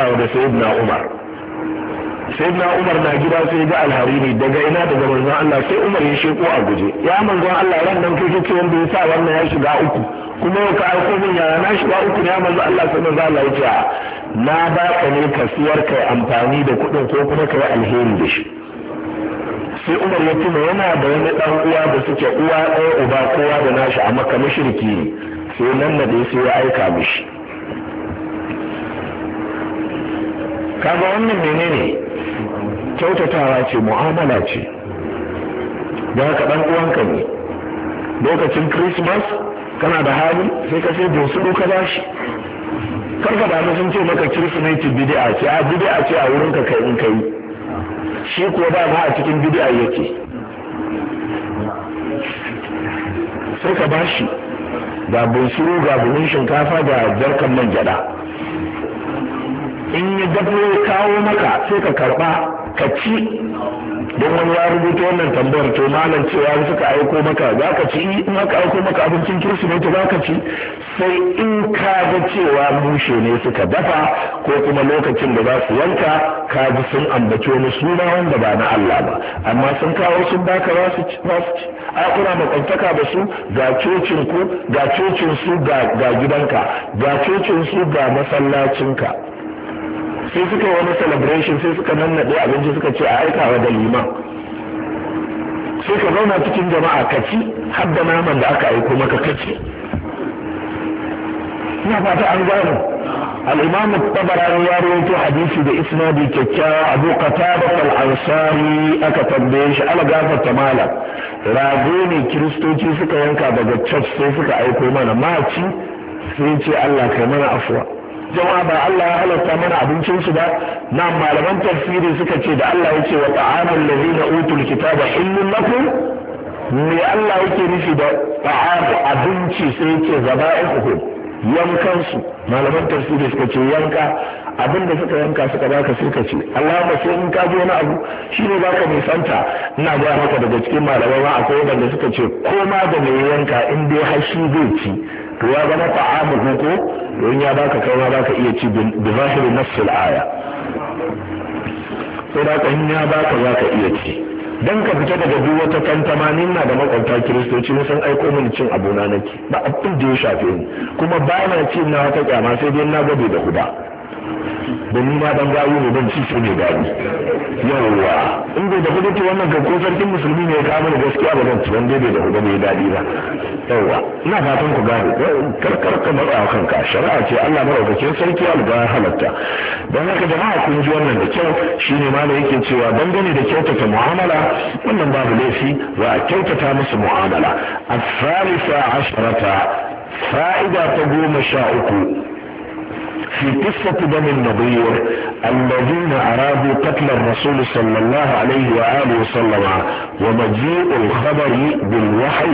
faru da sayyidina umar sayyidina umar na gida sai ga alhariri daga ina daga manzon Allah sai umar ya sheko a guje ya manzon Allah ran nan kai kike wanda ya sa wannan ya shiga uku kuma ka aiko min ya na shiga uku ya manzon Allah sai manzon Allah ya ce na ba ka ne kasuwar kai amfani da kuɗin ko kuma kai alheri da shi sai umar ya tuna yana da wani dan uwa da suke uwa ɗaya uba kowa da nashi a maka mushriki ne sai nan na dai sai ya aika mishi kaga wannan menene kyautatawa ce mu'amala ce da haka dan uwanka ne lokacin christmas kana da hali sai ka sai jinsu ka bashi karka da sun ce maka kirsimeti bid'a ce a bid'a ce a wurin ka kai in kai shi kuwa ba ma a cikin bid'a yake sai ka bashi ga bunsuru ga bunin shinkafa da jarkan man gyada in ya dabbo ya kawo maka sai ka karba ka ci don wani ya rubuta wannan tambayar to malam cewa suka aiko maka za ka ci in aka aiko maka abincin kirsimeti za ka ci sai in ka ga cewa mushe ne suka dafa ko kuma lokacin da za su yanka ka ji sun ambaci wani suna wanda ba na Allah ba amma sun kawo sun baka za su ci a kuna makwantaka da su ga cocin ku ga cocin su ga gidanka ga cocin su ga masallacinka sai suka yi wani celebration sai suka nannaɗe abinci suka ce a aikawa da liman sai ka zauna cikin jama'a ka ci har da naman da aka aiko maka ka ci ina fata an gano al tabarani ya rawaito hadisi da isnadi kyakkyawa abu qatada al-ansari aka tambaye shi ala ta mala rago ne kiristoci suka yanka daga church sai suka aiko mana maci sai ce Allah kai mana afuwa jama'a ba Allah ya halatta mana abincin su ba na malaman tafsiri suka ce da Allah ya ce wa ta'amul ladina utul kitaba illal lakum me Allah yake nufi da ta'am abinci sai yake ku yankan su malaman tafsiri suka ce yanka abin da suka yanka suka baka sai ka ce Allah ba sai in ka ji wani abu shine baka santa ina ga maka daga cikin malaman akwai wanda suka ce koma da mai yanka in dai har shi zai ci to ya zama ta'amu ko don ya baka kai ma baka iya ci bi zahiri nafsul aya sai da kan ya baka zaka iya ci dan ka fita daga duk wata tantama ni na da makwabta kiristoci ne san aiko mini cin abuna nake ba abin da ya shafe ni kuma ba na cin na wata kyama sai dai na gabe da huda ni ma dan gawo ne ban ci sai ne gawo yawwa in bai da hudu wannan ga ko sarkin musulmi ne ya kawo mana gaskiya ba zan ci wanda bai da hudu ne dadi ba yawwa ina fatan ku gane karkar ka matsa kanka shari'a ce Allah maraukakin sarki ya riga halatta don haka jama'a kun ji wannan da kyau shine ma da yake cewa dangane da kyautata mu'amala wannan babu laifi ba a kyautata musu mu'amala الثالثة عشرة فائدة تقوم uku. في قصة بني النضير الذين أرادوا قتل الرسول صلى الله عليه وآله وسلم ومجيء الخبر بالوحي